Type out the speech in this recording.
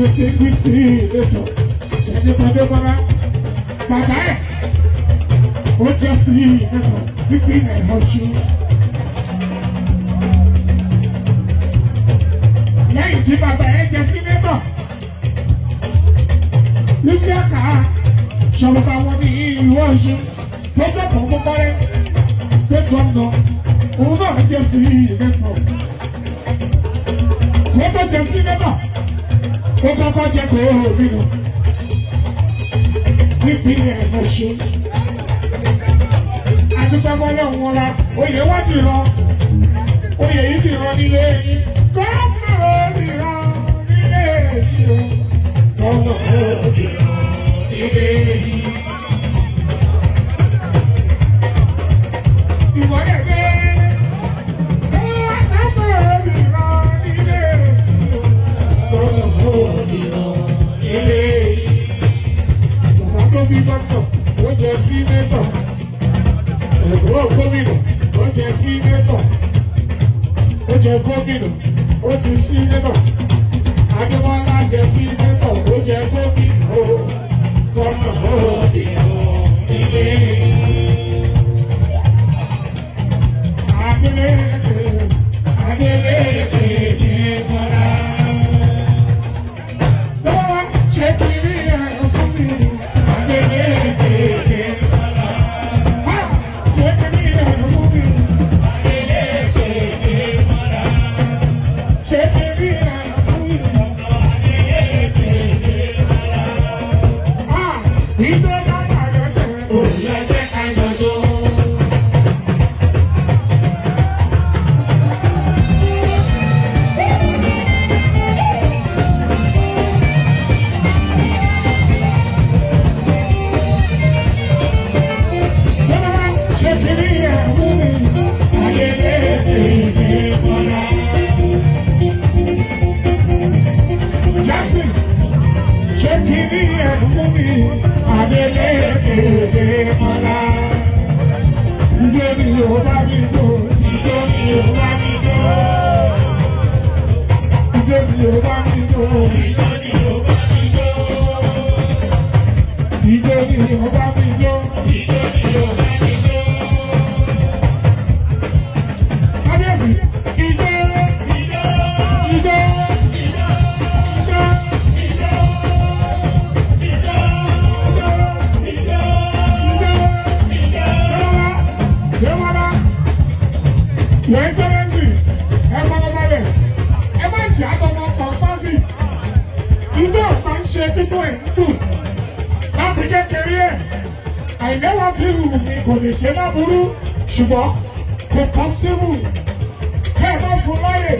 ìsìnkìsì ètò ṣẹ̀dẹ̀fọ̀dẹ̀fọ̀dà bàbá ẹ̀ ó jẹ́ sí ètò pípínlẹ̀ ọ̀ṣun. lẹ́yìn tí bàbá ẹ̀ jẹ́ sí mẹ́tọ̀ lùsíàkà ṣọlọ́fà wọn ní ìlú ọ̀ṣun tó dọ̀tọ̀ púpọ̀ rẹ̀ tó gbọ́dọ̀ òun náà jẹ́ sí mẹ́tọ̀ wọ́n tó jẹ́ sí mẹ́tọ̀ ó kọ́kọ́ jẹ kó o mi nù nípínlẹ̀ ọ̀ṣun àdúgbò lọ́wọ́ wọn la oyè wá dìran oyè yìí dìran nílé yìí kọ́mọ̀ ó dìran nílé yìí kọ́mọ̀ ó dìran nílé yìí. ìwọ́lẹ̀ mi. Oh, gómìnà Oh, jẹ Oh, oh, jẹ Oh, ó di sínétọ̀. Either ṣé ti rí ẹ̀rù mú mi àdéhùn kéde mọ́lá. Ǹjẹ́ mi ò bá méjì àtọmọ pàmpásì ìlú ọ̀sán ń ṣe títún ẹ̀ ń dùn láti kékeré ẹ̀ àìlẹ́wà sí ìhù mi kò lè ṣe láburú ṣùgbọ́n kò pọ́sibú kẹ́ ẹ má fún láyè.